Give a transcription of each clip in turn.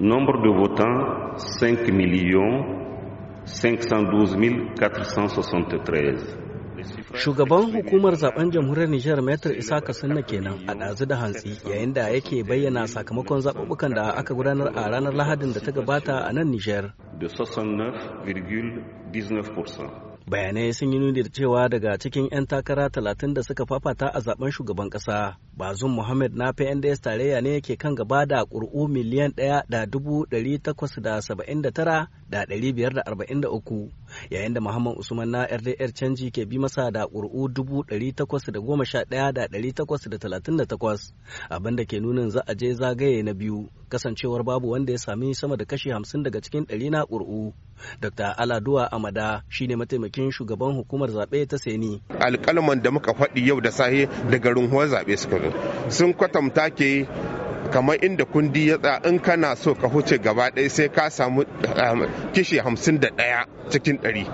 Nombre de votants 5 512 Shugaban hukumar zaben jamhuriyar Nijar Metar Isaka Sunna kenan a ɗazu da hantsi yayin da yake bayyana sakamakon zaɓuɓɓukan da aka gudanar a ranar Lahadin da ta gabata a nan Nijar. Bayanai sun yi nuni da cewa daga cikin 'yan takara 30 da suka fafata a zaben shugaban ƙasa, bazun muhammad na pnds tarayya ne ke kan gaba da ƙuri'u miliyan ɗaya da dubu ɗari takwas da saba'in da tara da ɗari biyar da arba'in da uku yayin da muhammad usman na rdr canji ke bi masa da ƙuri'u dubu ɗari takwas da goma sha ɗaya da ɗari takwas da talatin da takwas abin da ke nunin za a je zagaye na biyu kasancewar babu wanda ya sami sama da kashi hamsin daga cikin ɗari na ƙuri'u dr aladuwa amada shi ne mataimakin shugaban hukumar zaɓe ta seni alƙalman da muka faɗi yau da sahe daga runhuwar zaɓe suka zo sun kwatamta ke kamar inda kundi ya tsaya in kana so ka huce gaba ɗaya sai ka samu um, kishi hamsin da ɗaya cikin ɗari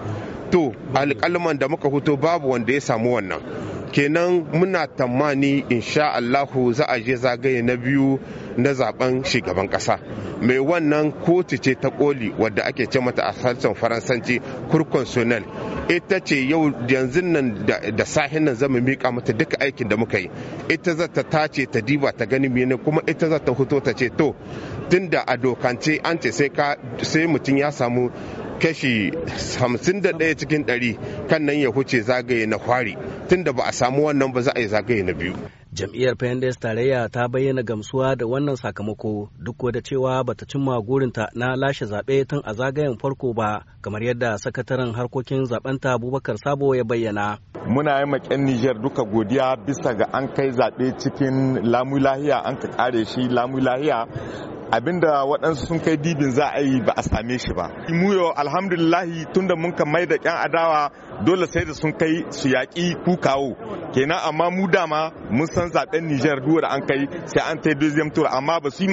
to alƙalman da muka huto babu wanda ya samu wannan kenan muna in insha Allahu za a je zagaye na biyu na zaben shugaban kasa mai wannan kotu ce ta koli wadda ake ce mata a harshen faransanci kurkonsonel ita ce yau yanzu nan da sahin nan zama mika mata duka aikin da muka yi ita za ta tace ta diba ta gani mene kuma ita za ta fito ta ce to tunda a dokance an ce sai mutum ya samu kashi 51 cikin 100 kan nan ya huce zagaye na kwari tunda ba a samu wannan ba za a yi zagaye na biyu jam'iyyar pendes tarayya ta bayyana gamsuwa da wannan sakamako duk da cewa bata cimma gurinta na lashe zaɓe tun a zagayen farko ba kamar yadda sakataren harkokin zaɓenta abubakar sabo ya bayyana muna yi maƙin nijar duka godiya bisa ga an kai zaɓe cikin lamu lahiya an ka kare shi lamu lahiya abinda waɗansu sun kai dibin za a yi ba a same shi ba mu yau alhamdulillahi tunda mun ka mai da ƙyan adawa dole sai da sun kai su yaƙi ku kawo kenan amma mu dama mun san zaɓen Nijar duwar an kai sai an ta deuxième amma ba su yi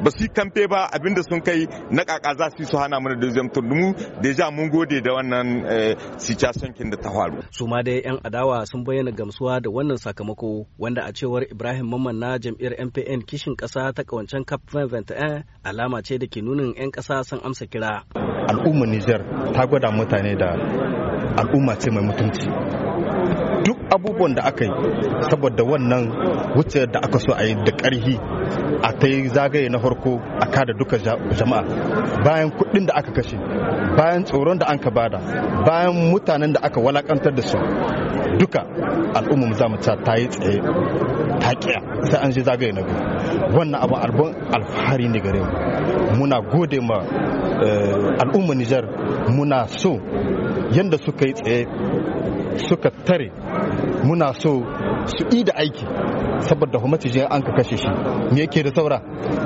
ba su kamfe ba abinda sun kai na kaka za su hana mana da zamtar mu deja mun gode da wannan eh, situation kin da ta faru su ma dai yan adawa sun bayyana gamsuwa da wannan sakamako wanda a cewar Ibrahim Mamman na jam'iyyar MPN kishin kasa ta kawancen CAP 2021 alama ce da ke nunin yan kasa sun amsa kira al'ummar Niger ta gwada mutane da al'umma ce mai mutunci duk abubuwan da aka yi saboda wannan wuce da aka so a yi da ƙarfi a ta yi zagaye na farko a kada duka jama'a bayan kuɗin da aka kashe bayan tsoron da an ka bada bayan mutanen da aka walakantar da su duka al'ummar zamu ta ta yi tsaye ta kiya sai an je zagaye na biyu wannan abu albon alfahari ne gare mu muna gode ma eh, al'ummar Nijar muna so yadda suka yi tsaye suka tare muna so su yi da aiki saboda kuma jiya an ka kashe shi me yake da saura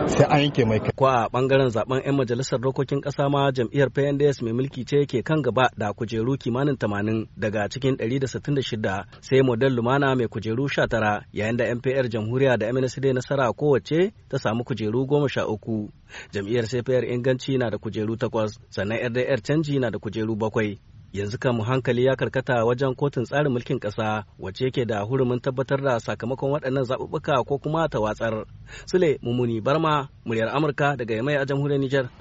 sai an yanke mai kai ko a bangaren zaben yan majalisar dokokin kasa ma jam'iyyar PNDS mai mulki ce ke kan gaba da kujeru kimanin 80 daga cikin 166 sai model Lumana mai kujeru 19 yayin da MPR Jamhuriya da MNSD nasara kowace ta samu kujeru 13 jam'iyyar CPR inganci na da kujeru 8 sannan RDR canji na da kujeru 7 yanzu kam hankali ya karkata wajen kotun tsarin mulkin ƙasa wacce yake da hurumin tabbatar da sakamakon waɗannan zaɓuɓɓuka ko kuma ta watsar. Sule Mumuni Barma, muryar Amurka daga Yamai a jamhuriyar Nijar.